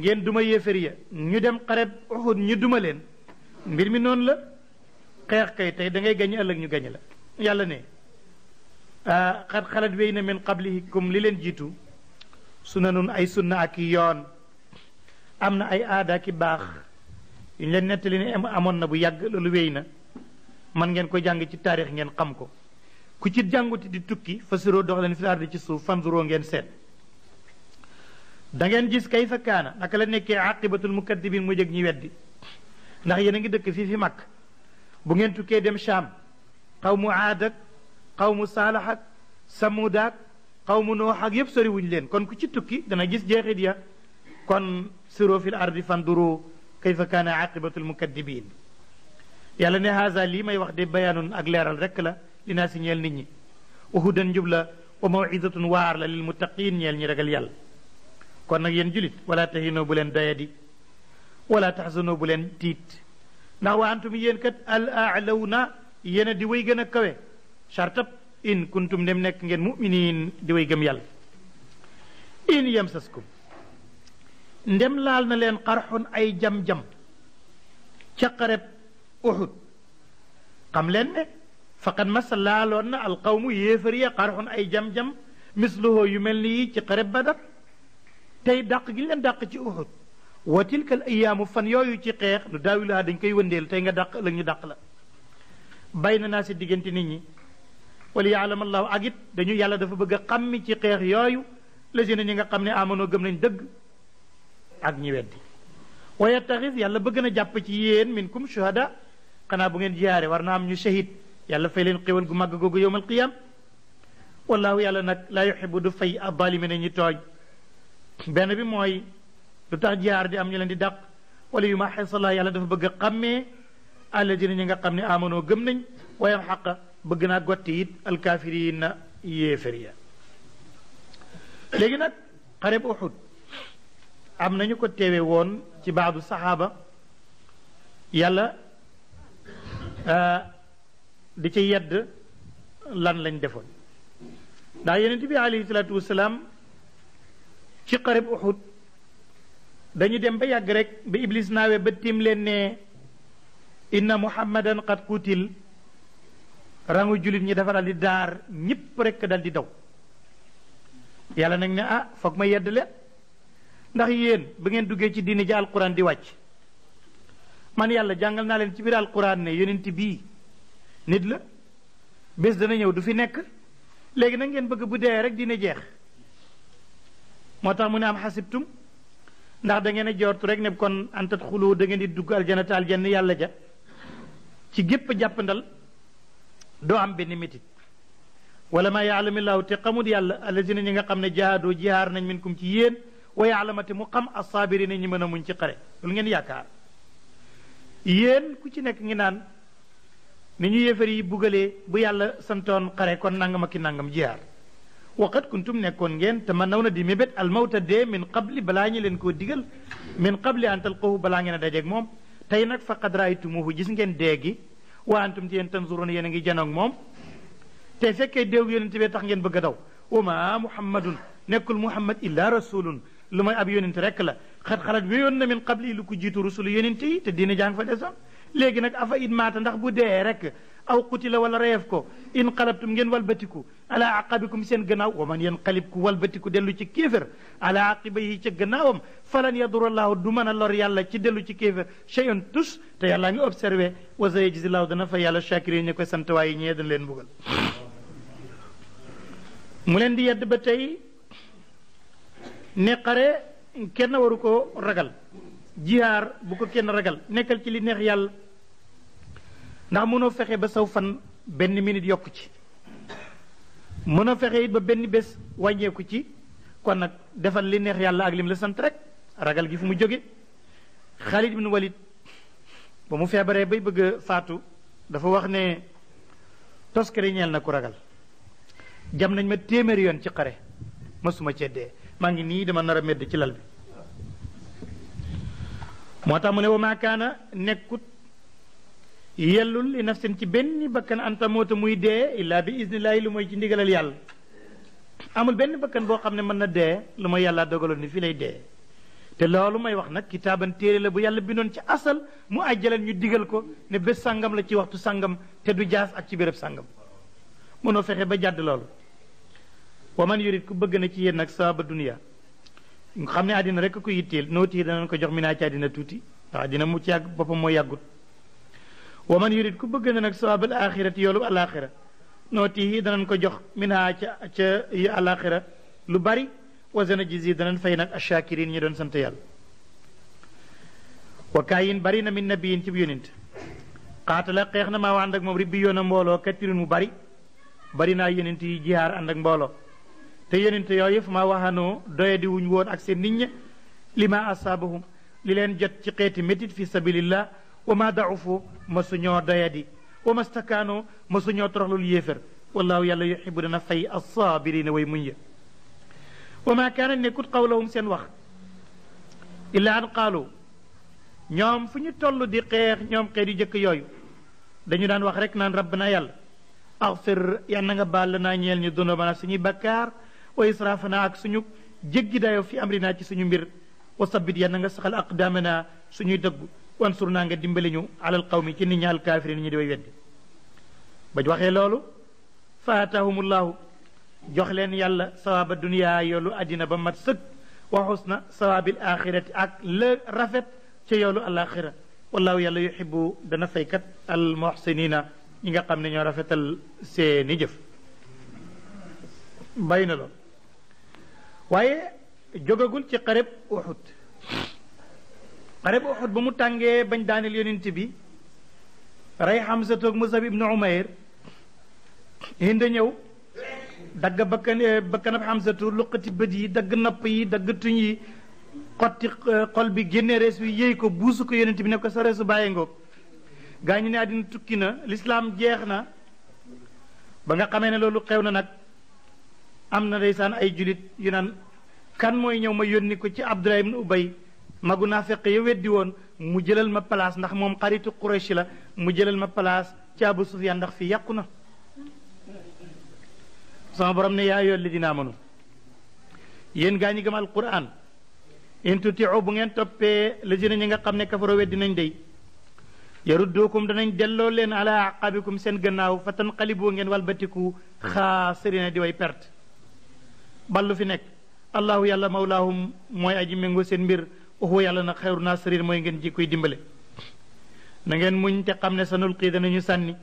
نين دوما يفريا ني دم قرب احد ني دوما لين ميرمي نون لا خير كاي تاي داغي غاني الله ني غاني yàlla ne xat ah, xalat wéy na min qablihikum li leen jiitu su ne sunanun ay sunna ak yoon am na ay aada ki baax yu ñu leen nettali ne amoon na bu yàgg loolu wéy na man ngeen ko jàng ci taarix ngeen xam ko ku ci jànguti di tukki fasiroo dox leen filaardi ci suuf fanzuroo ngeen seet dangeen ngeen kay kayfa kaana naka la nekkee aqibatul mukaddibin mu jëg ñi weddi ndax yéen a ngi dëkk fii fi mag bu ngeen tukkee dem Sham قوم عاد قوم صالح سمود قوم نوح يب سوري وين لين كون كوتي توكي دا نا جيس جيخيديا كون سيرو في الارض فاندرو كيف كان عاقبه المكذبين يالا ني هذا لي ماي واخ دي بيان اك ليرال رك لا لي ناس نيل نيت ني وهدن جبلا وموعظه وار للمتقين نيل ني رغال يال كون نك يين جوليت ولا تهينو بولين دايدي ولا تحزنوا بولين تيت نا وانتم يين كات الاعلونا yéen di way gën a kawe chartab in kuntum dem nekk ngeen muminin di way gëm yàlla in yamsaskum ndem laal na leen xarxun ay jam-jam ca xareb uxud xam leen ne faqad masa laaloon na alqawmu yéefar ya xarxun ay jam-jam misluhoo yu mel ni yi ci xareb badar tey dàq gi leen dàq ci uxud wa tilka al ayaamu fan yooyu ci xeex nu daawiluhaa dañ koy wëndeel tey nga dàq ëllëg ñu dàq la bay na naa si diggante nit ñi wala yaalam allahu ak dañu yàlla dafa bëgg a ci xeex yooyu la si ñi nga xam ne amanoo gëm nañ dëgg ak ñi weddi waaye taxis yàlla bëgg na jàpp ci yéen minkum shuhada xanaa bu ngeen jiyaare war na am ñu shahid yàlla fay leen xéwal gu màgg googu yowmal qiyam wallaahu yàlla nag laa yuxibu du fay abalimi na ñu tooñ benn bi mooy lu tax jiyaar di am ñu leen di dàq wala yu ma xeesalaa yàlla dafa bëgg xàmmee alladina ñi nga xam ne amanoo gëm nañ wayam xaqa bëgg naa gotti it alkaafiriin na yéefér ya léegi nag xareb uxud am nañu ko teewe woon ci baadu saxaaba yàlla euh, di ci yedd lan lañ defoon ndax yeneen bi alayhi salaatu wasalaam ci xareb uxud dañu dem ba yàgg rek ba iblis naawe ba tiim leen ne inna muhammadan qad kutil rangu julit ñi dafa dal di daar ñepp rek dal di daw yalla nak ne ah fokk ma yedd le ndax yeen bu ngeen duggé ci diini ja alquran di wacc man yalla jangal na leen ci bir alquran ne yonent bi nit la bes dana ñew du fi nek legi nak ngeen bëgg bu dé rek diina jeex motax mu ne am hasibtum ndax da ngeen jortu rek ne kon antat khulu da ngeen di dugg aljanata aljanna yàlla ja ci gépp jàppandal doo am benn métit wala maa laaw te xamut yàlla alazina ñi nga xam ne jihaadoo jihaar nañ minkum ci yéen wa yaalamate mu xam assaabirina ñi mën a muñ ci xare lu ngeen yaakaar yéen ku ci nekk ngi naan ni ñu yéefar yi bugalee bu yàlla santoon xare kon nangam ki nangam jihaar waqat kuntum nekkoon ngeen te ma naw na di mébét almawta dee min qabli balaa ñu leen koo digal min qabli antal talqahu balaa ngeen a dajeeg moom tey nag faqad raaytumuhu gis ngeen dee gi wa antum ci yéen tanzuruna yéen a ngi janoog moom te fekkee déew yonente bee tax ngeen bëgg a daw wa ma muhammadun nekkul muhammad illa rasulun lu may ab yonente rekk la xat xalat wéyoon na min qabli lu ko jiitu rusulu yonente yi te diina jàng fa desoon léegi nag afa in maata ndax bu dee rek aw qutila wala reef ko in qalabtum ngeen walbatiku ala aqabikum seen gannaaw wa man yanqalib ku walbatiku dellu ci kéefér ala aqibayhi ca gannaawam falan yadurallahu du mën a lor yàlla ci dellu ci kéefér shay'un tus te yàllaa ngi observé wa sayajzillahu dana fa yàlla shakirin ñu koy sant waaye ñee dañ leen mbugal mu leen di yedd ba tey ne xare kenn waru ko ragal jihaar bu ko kenn ragal nekkal ci li yàlla ndax mënoo fexe ba saw fan benn minute yokku ci mënoo fexe it ba benn bés wàññeeku ci kon nag defal li neex yàlla ak lim la sant rek ragal gi fu mu jóge Xaalid bin Walid ba mu feebaree bay bëgg a faatu dafa wax ne toskari ñeel na ku ragal jam nañ ma téeméeri yoon ci xare mësuma ceddee maa ngi nii dama nar a medd ci lal bi moo tax mu ne wa maa kaana nekkut yellul li nafsin ci benn bakkan anta moota muy dee illaa bi isnillaahi lu mooy ci ndigalal yàlla amul benn bakkan boo xam ne mën na dee lu ma yàllaa dogaloon ni fii lay dee te loolu may wax nag kitaaban téere la bu yàlla bindoon ci asal mu àjjaleen ñu digal ko ne bés sàngam la ci waxtu sàngam te du jaas ak ci béréb sàngam mënoo fexe ba jàdd loolu wa man yurit ku bëgg na ci yéen nag saaba duniya nga xam ne àddina rek ko yitteel nooti yi ko jox mi naa ci àddina tuuti ndax dina mu ci yàgg boppam moo yàggut wa man yurid ku bëgg na nag sawaabal ti yoolu alaxira nooti yi ko jox mi ca ca alaxira lu bari wasana jisi danañ fay nag achakirin ñu doon sant yàlla wa kaayin bari na mi min nabiyin ci yonent xaatala xeex na maa ànd ak moom ribbi yoon a mbooloo kattirin mu bari bari naa yonent yi jihaar ànd mbooloo te yonent yoy yef ma waxanoo doyadi wuñ won ak sen nit ña li ma asaabahum li len jot ci xéti métit fi sabilillah wa ma daufu ma suñoo doyadi wa ma stakaanoo ma toroxlul yéefér wallahu yàlla yuhibbu lana fay assaabirina way muñ ya wa ma kaana nekkut qawlahum seen wax illa an qalu ñom fuñu tollu di xex ñom xeet di jëk yoy dañu daan wax rek naan rabbana yàlla axfir yàlla na nga baal naa ñeel ñu dunoo mana suñuy bakkaar wa israafana ak suñu jéggi dayo fi amrina ci suñu mbir wa sabbit yan na nga saxal aqdaamana suñuy dëgg wansur naa nga dimbali ñu alal qawmi ci nit ñi alkaafiri ñu di way weddi ba waxee loolu fa aataahumullahu jox leen yàlla sawaaba duniyaa yoolu àddina ba mat sëkk wa xusna sawaabil axirati ak la rafet ca yoolu alaxira wallaahu yàlla yuhibbu dana faykat al muhsinina ñi nga xam ne ñoo rafetal seeni jëf na lool waaye jógagul ci xareb Uhud xareb Uhud ba mu tàngee bañ daaneel yonent bi rey Hamza toog Musab ibnu Umayr Hind ñëw dagg bakkan eh, bakkanab Hamzatu luqati bët yi dagg napp yi dagg tuñ yi xotti eh, xol bi génne rees wi yéy ko buusu ko yonent bi ne sa reesu bàyyi ngoog gaa ñu ne àddina tukki na lislaam jeex na ba nga xamee ne loolu xew na nag am na ndeysaan ay julit yu naan kan mooy ñëw ma yónni ko ci Abdullah ibn Ubay magu naa fekk ya weddi woon mu jëlal ma place ndax moom xaritu Quraysh la mu jëlal ma place ci Abu Sufyaan ndax fi yàqu na sama borom ne yaa yoon li dinaa mënu yéen gaa ñi gëm alquran in tutiu bu ngeen toppee la jëna ñi nga xam ne kafaro weddi nañ dey yaruddukum danañ delloo leen ala aqabikum seen gannaaw fa tanqalibu ngeen walbatiku xaasirina di way perte ballu fi nekk allahu yàlla mawlaahum mooy aji méngoo seen mbir waxu yàlla nag xayru naasirin mooy ngeen jikkoy dimbale na ngeen muñ te xam ne sa sanulqii danañu sànni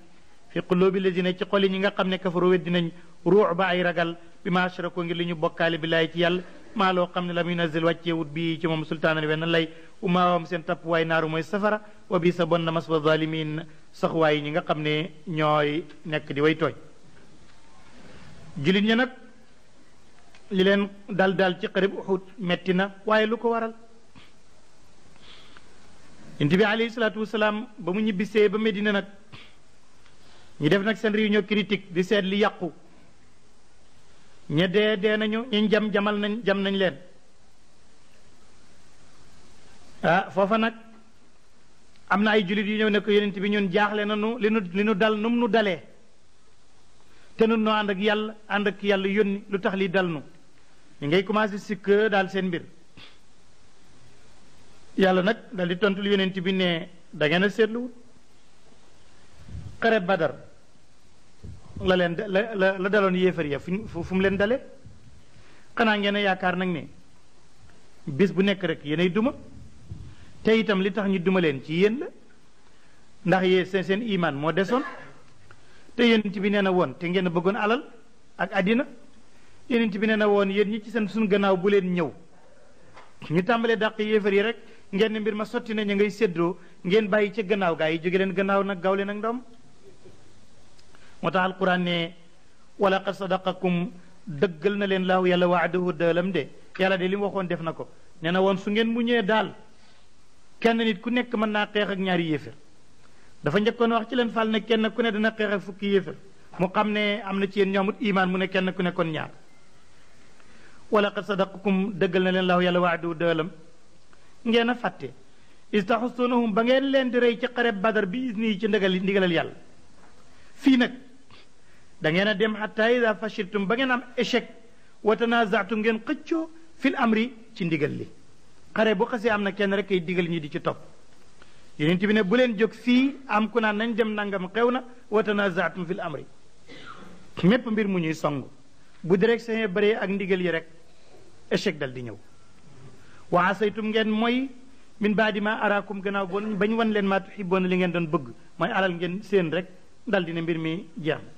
fi qulubi na ci xoli ñi nga xam ne kafaru weddi nañ ruux ba ay ragal bi ma ashraku ngir li ñu bokkaale bi laay ci yàlla maa loo xam ne la lam yunazil wàcceewut bi ci moom sultaanan wenn lay umaawam seen tapp waay naaru mooy safara wa bi sa bon na maswa zalimin sax waay ñi nga xam ne ñooy nekk di way tooñ li leen dal dal ci xarib metti na waaye lu ko waral yonent bi alayhi salaatu wasalaam ba mu ñibbisee ba Medina nag ñi def nag seen réunion critique di seet li yàqu ña dee nañu ñi jam jamal nañ jam nañ leen ah foofa nag am na ay jullit yu ñëw nekk ko yonent bi ñun jaaxle na nu li nu li nu dal num nu dalee te nun noo ànd ak yàlla ànd ak yàlla yónni lu tax li dal nu ni ngay commencé sik dal sen ya yalla nak dal di tontul yonent bi ne da ngeen na setlu xare badar la len la la la ya fu mu leen dale xanaa ngeen a ne bis bu nek rek yeney duma te itam li tax ñu duma len ci yeen la ndax ye sen sen iman mo deson te yonent bi neena na te ngeen bëggoon alal ak adina yonent bi ne na woon yéen ñi ci seen suñ gannaaw bu leen ñëw ñu tàmbalee dàq yéefar yi rek ngeen mbir ma sotti na ñu ngay séddoo ngeen bàyyi ca gannaaw gaa yi jóge leen gannaaw nag gaw leen ak ndoom moo tax alquran ne wala qad sadaqakum dëggal na leen laaw yàlla waadahu dëlam de yàlla de li mu waxoon def na ko nee na woon su ngeen muñee daal kenn nit ku nekk mën naa xeex ak ñaari yéefar dafa njëkkoon wax ci leen fàll ne kenn ku ne dana xeex ak fukki yéefar mu xam ne am na ci yéen ñoomut iman mu ne kenn ku nekkoon ñaar ولقد صدقكم دغلنا لن الله يلا وعدو دولم نجينا فاتي استحسنهم بغير لين دري تي قرب بدر باذنه تي ندغال ندغال يال في نك دا نجينا ديم حتى اذا فشلتم بغينا ام اشك وتنازعتم نجين قتشو في الامر تي ندغال لي قرب خسي امنا كين رك يديغال ني دي تي توب يونت يعني بي ني بولين جوك في ام كنا نان ديم نانغام خيونا وتنازعتم في الامر ميب مير مو ني سونغو bu direction yi bëree ak ndigal yi rek échec dal di ñëw waa saytum ngeen mooy min baadi ma araakum gannaaw bon bañ wan leen maa tuxiboona li ngeen doon bëgg mooy alal ngeen seen rek dal di ne mbir mi jeex na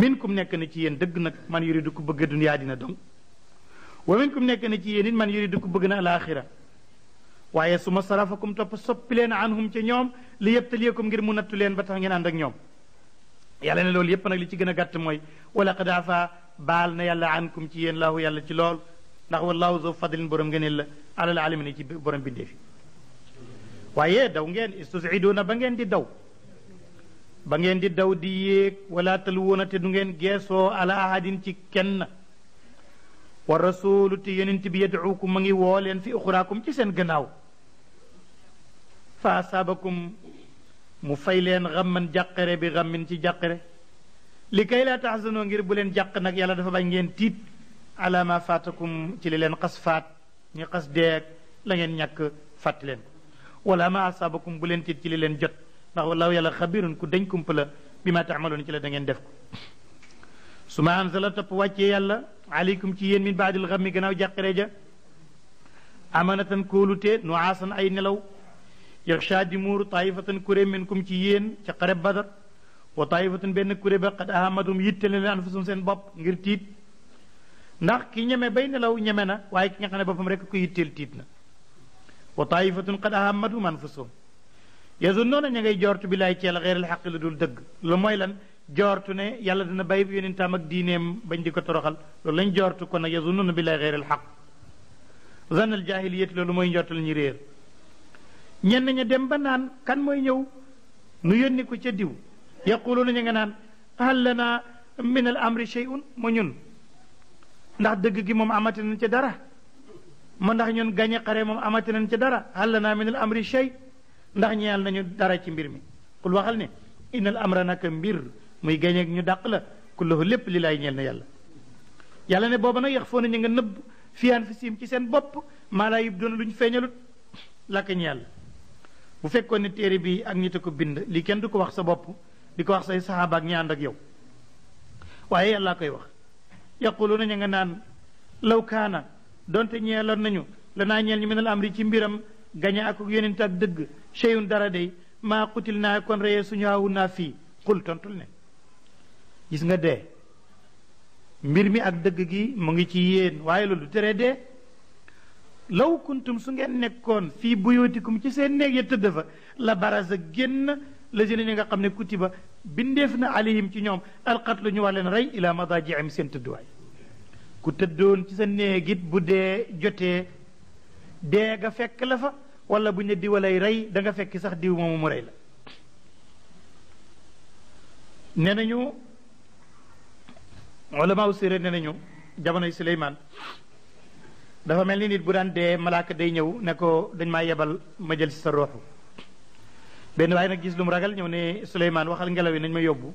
min kum nekk na ci yéen dëgg nag man yuridu ku bëgg dunyaa dina dong wa min kum nekk na ci yéen it man yuridu ku bëgg na alaaxira waaye su ma sarafakum topp soppi leen anhum ca ñoom li yëpp taliyakum ngir mu nattu leen ba tax ngeen ànd ak yàlla ne loolu yépp nag li ci gën a gàtt mooy wala qad afa baal na yàlla ankum ci yéen laahu yàlla ci lool ndax wallahu zo fadlin borom ngeen la alal alamin ci borom bindee fi waaye daw ngeen istusiduuna ba ngeen di daw ba ngeen di daw di yéeg wala taluwoona te du ngeen geesoo ala ahadin ci kenn wa rasulu te yonent bi yadcuukum ma ngi woo leen fi uxraakum ci seen gannaaw fa asaabakum mu fay leen xamman jàqare bi xammin ci jàqare li kay laa taxsanoo ngir bu leen jàq nag yàlla dafa bañ ngeen tiit ala ma faatakum ci li leen xas faat ñu xas deeg la ngeen ñàkk fàtti leen wala ma asabakum bu leen tiit ci li leen jot ndax wallahu yàlla xabirun ku dañ kumpa la bi ma taamaloon ci la da ngeen def ko su ma anzala topp wàccee yàlla aleykum ci yéen min baadil xammi gannaaw jàqare ja amanatan kóolute nu aasan ay nelaw yaxsha di muuru taayifatan kuré minkum ci yéen ca xareb badar wa taayifatan benn kuré ba xad ahamadum yitte na leen anfusum seen bopp ngir tiit ndax ki ñeme bay nelaw ñeme na waaye ki nga xam ne boppam rek ko yitteel tiit na wa taifatun qad ahammathum anfusuhum yazunnuuna ña ngay joortu bi laay ceel xeeral xaq la dul dëgg lu mooy lan joortu ne yàlla dina bàyyi yonentam ak diineem bañ di ko toroxal loolu lañ joortu kon nag yazunnuuna bi laay xeeral xaq zanal jaahiliyat loolu mooy njortal ñi réer ñen ñi dem ba naan kan moy ñew nu yónni ko ca diw yaquluna ñi nga naan hal lana min al amri shay'un mo ñun ndax deug gi mom amati nañ ci dara mo ndax ñun gañi xare mom amati nañ ci dara hal lana min al amri shay ndax ñeal nañu dara ci mbir mi kul waxal ne in al amra naka mbir muy gañe ak ñu dàq la kullahu lepp li lay ñel na yalla yalla ne bobu nga fi siim ci sen bop mala laa luñ bu fekkoon ne téere bi ak nit a ko bind li kenn du ko wax sa bopp di ko wax say saxaaba ak ñi ak yow waaye yàllaa koy wax yaquluuna ña nga naan law kaana donte ñeeloon nañu la naa ñeel ñu minal amri ci mbiram gañe ak yonent ak dëgg cheyun dara day maa xutil naa kon reyee suñu awu naa fii xul tontul ne gis nga dee mbir mi ak dëgg gi mu ngi ci yéen waaye loolu du tere dee law kuntum su ngeen nekkoon fii buyootikum ci seen néeg ya tëdd fa la barasa génn la si nga xam ne ba bindeef na alayhim ci ñoom alqatlu ñu war leen rey ila madajiim seen tëdduwaay ku tëddoon ci sa néeg bu dee jotee dee nga fekk la fa wala bu ñu di rey danga nga fekk sax diw moomu mu rey la nee nañu wala maaw séeréer nee nañu jamonoy Suleymaan dafa mel ni nit bu daan dee malaaka day ñëw ne ko dañ maa yebal ma jël si sa ruuxu benn waaye nag gis lu mu ragal ñëw ne Suleymaan waxal ngelaw yi nañ ma yóbbu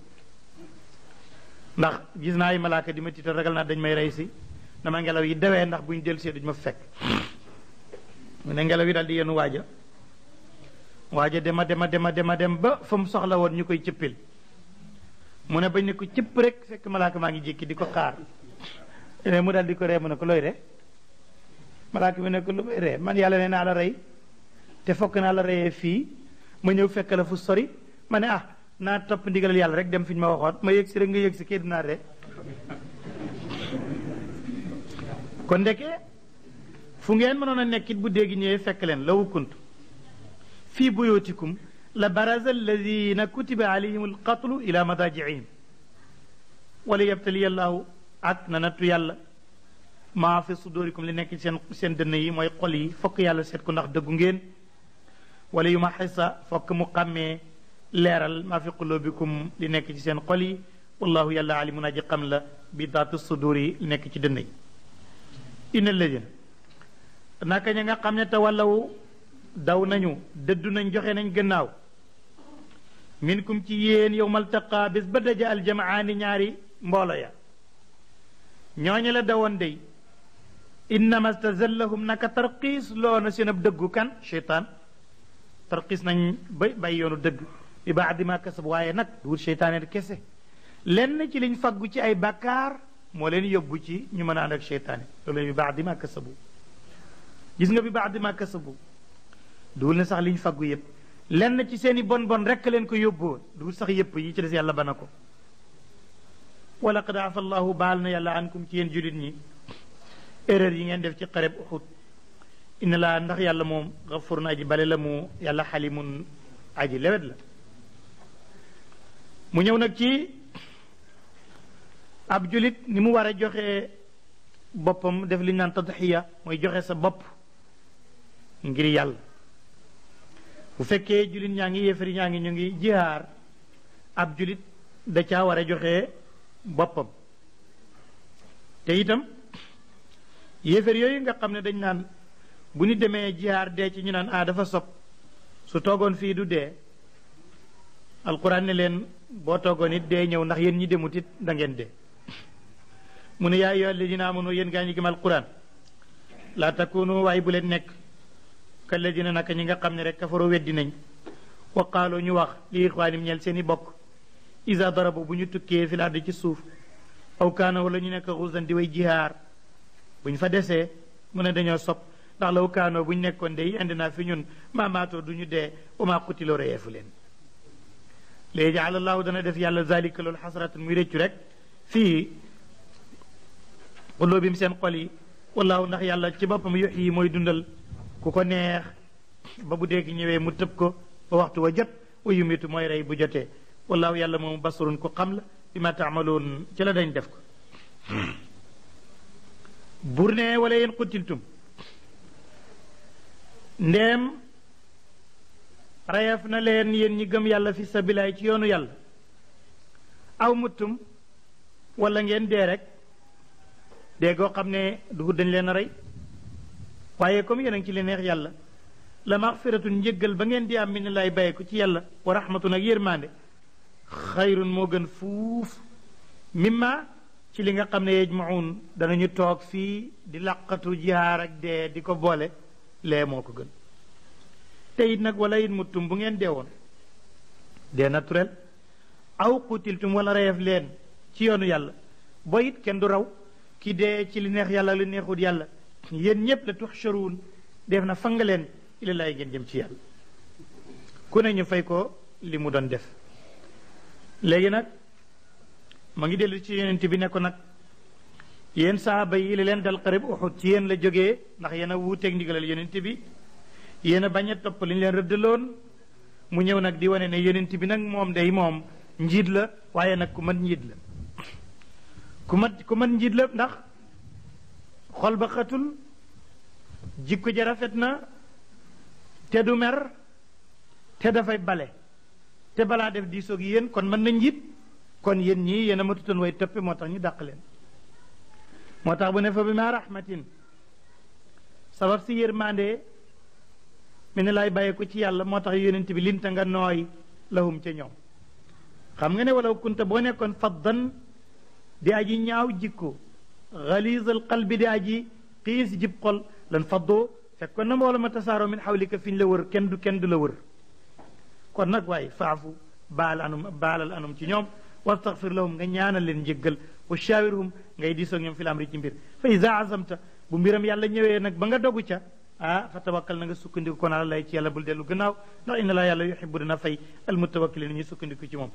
ndax gis naa ay malaaka di ma tiital ragal naa dañ may rey si dama ngelaw yi dewee ndax buñ jël see duñ ma fekk mu ne ngelaw yi daal di yenu waaja waaja dema dema dema dema dem ba fa mu soxla woon ñu koy cëppil mu ne bañ ne ko cëpp rek fekk malaaka maa ngi jékki di ko xaar mu daal di ko ree mu ne ko looy re malaaka bi ne ko lu may ree man yàlla ne naa la rey te fokk naa la reyee fii ma ñëw fekk la fu sori ma ne ah naa topp ndigalal yàlla rek dem fi ñu ma waxoon ma yëg si rek nga yëg si kii dinaa ree kon ndeke fu ngeen mënoon a nekkit bu dégg ñëwee fekk leen la wukkuntu fii buyootikum la baraza alladina kutiba alayhim alqatlu ila madajihim wala yabtaliya allahu ak na nattu yàlla maa fi sudurikum li nekk seen seen dënn yi mooy xol yi fokk yàlla seet ko ndax dëggu ngeen walla yu ma xisa fokk mu xàmmee leeral maa fi qulubikum li nekk ci seen xol yi wallahu yàlla alimun aji xam la bi daatu sudur yi li nekk ci dënn yi inna ladina naka ña nga xam ne te wàllaw daw nañu dëddu nañ joxe nañ gannaaw minkum ci yéen yow maltaqa bis ba daja aljamaani ñaari mboolo ya ñooñu la dawoon dey innama stazallahum naka tarqiis loo na seen ab dëggu kan cheytaan tarqiis nañ ba bay yoonu dëgg bi baadi ma kasab waaye nag duwut cheytaane kese lenn ci liñ faggu ci ay bakkaar moo leen yóbbu ci ñu mën a ànd ak cheytaane loolu bi baadi ma kasabu gis nga bi baadi ma kasabu duwul ne sax liñ faggu yëpp lenn ci seeni bon bon rekk leen ko yóbboo duwul sax yëpp yi ci des yàlla bana ko wa laqad afa allahu baal na yàlla ankum ci yéen julit ñi erreur yi ngeen def ci xareb Uhud inna laa ndax yàlla moom xafurun aji bale la mu yàlla xalimun aj lewet la mu ñëw nag ci ab julit ni mu war a joxe boppam def li ñu naan tadxiya mooy joxe sa bopp ngir yàlla bu fekkee julit ñaa ngi yéefari ñaa ngi ñu ngi jihaar ab julit da caa war a joxe boppam te itam yéeféer yooyu nga xam ne dañ naan bu ñu demee jihaar dee ci ñu naan ah dafa sob su toogoon fii du dee alquran ne leen boo toogoon it dee ñëw ndax yéen ñi demut it da ngeen dee mu ne yaa ayyuha alladina amanu yéen gaa ñi gëm alquran laa takunu waaye bu leen nekk ka alladina naka ñi nga xam ne rek kafaroo weddi nañ wa ñu wax li ixwaanim ñeel seen i bokk isa darabo bu ñu tukkee fi laardi ci suuf aw kaana wala ñu nekk xuusan di way buñ fa déssé mu ne dañoo sob ndax law kaano buñ nekkoon de yi indi naa fi ñun maamaatoo du ñu dee uma qutiloo reyeefu leen léegi àlallahu dana def yàlla zalika loolu xasratan muy réccu rek fii xuloo bim mu seen xol yi wallaahu ndax yàlla ci boppam yox yi mooy dundal ku ko neex ba bu dégg ñëwee mu tëb ko ba waxtu wa jot wa yumitu mooy rey bu jotee wallahu yàlla moomu basurun ku xam la bi ma taamaloon ci la dañ def ko bur ne wala yéen xutiltum ndeem rayef na leen yéen ñi gëm yàlla fi sa billaay ci yoonu yàlla aw muttum wala ngeen dee rek dee goo xam ne dugu dañ leen a rey waaye comme yéen ci li neex yàlla la maxfiratun njëggal ba ngeen di am mi ne lay bàyyeeku ci yàlla wa rahmatun ak yërmande xayrun moo gën fuuf mimma ci li nga xam ne yejmaun danañu toog fii di làqatu jihaar ak dee di ko boole lee moo ko gën te it nag wala it muttum bu ngeen woon dee naturel aw qutiltum wala reef leen ci yoonu yàlla boo it kenn du raw ki dee ci li neex yàlla li neexut yàlla yéen ñëpp la tuxsharuun def na fanga leen ila laay ngeen jëm ci yàlla ku ne ñu fay ko li mu doon def léegi nag ma ngi dellu ci yonent bi ne nag yéen sahaaba yi li leen dal xarib uxut ci yéen la jóge ndax yéen a wuuteeg ndigalal yonent bi yéen a bañ a topp li ñu leen rëddaloon mu ñëw nag di wane ne yonent bi nag moom day moom njiit la waaye nag ku mën njiit la ku mat ku mën njiit la ndax xol ba xatul jikko ja rafet na te du mer te dafay bale te balaa def diisoog yéen kon mën na njiit كون يني ينا متتن وي تبي موتا ني داقلين موتا بو نفا بما رحمتين سبب سي يرماندي من لاي بايكو تي يالا موتا يونتي بي لينتا nga نوي لهم تي نيوم خم nga ولو كنت بو نيكون فضن دي اجي نياو جيكو غليظ القلب دي اجي قيس جيب قل لن فضو فكنا مولا متسارو من حولك فين لور كندو كندو لور كون نك واي فافو بال انم تي نيوم wastaghfir lahum nga ñaanal leen njëggal wa shawirhum ngay diisoo ñoom fi la am ri ci mbir fa iza azamta bu mbiram yàlla ñëwee nag ba nga dogu ca ah fa tawakkal na nga sukkandiku kon ala lay ci yàlla bul dellu gannaaw ndax inna laa yàlla yuhibbu dana fay al mutawakkilin ñu sukkandiku ci moom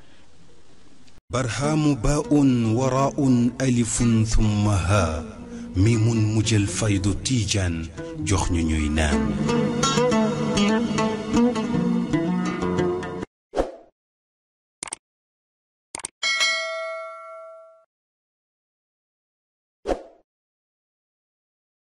برهام باء وراء ألف ثم ها ميم مجل فيض تيجان جخن نام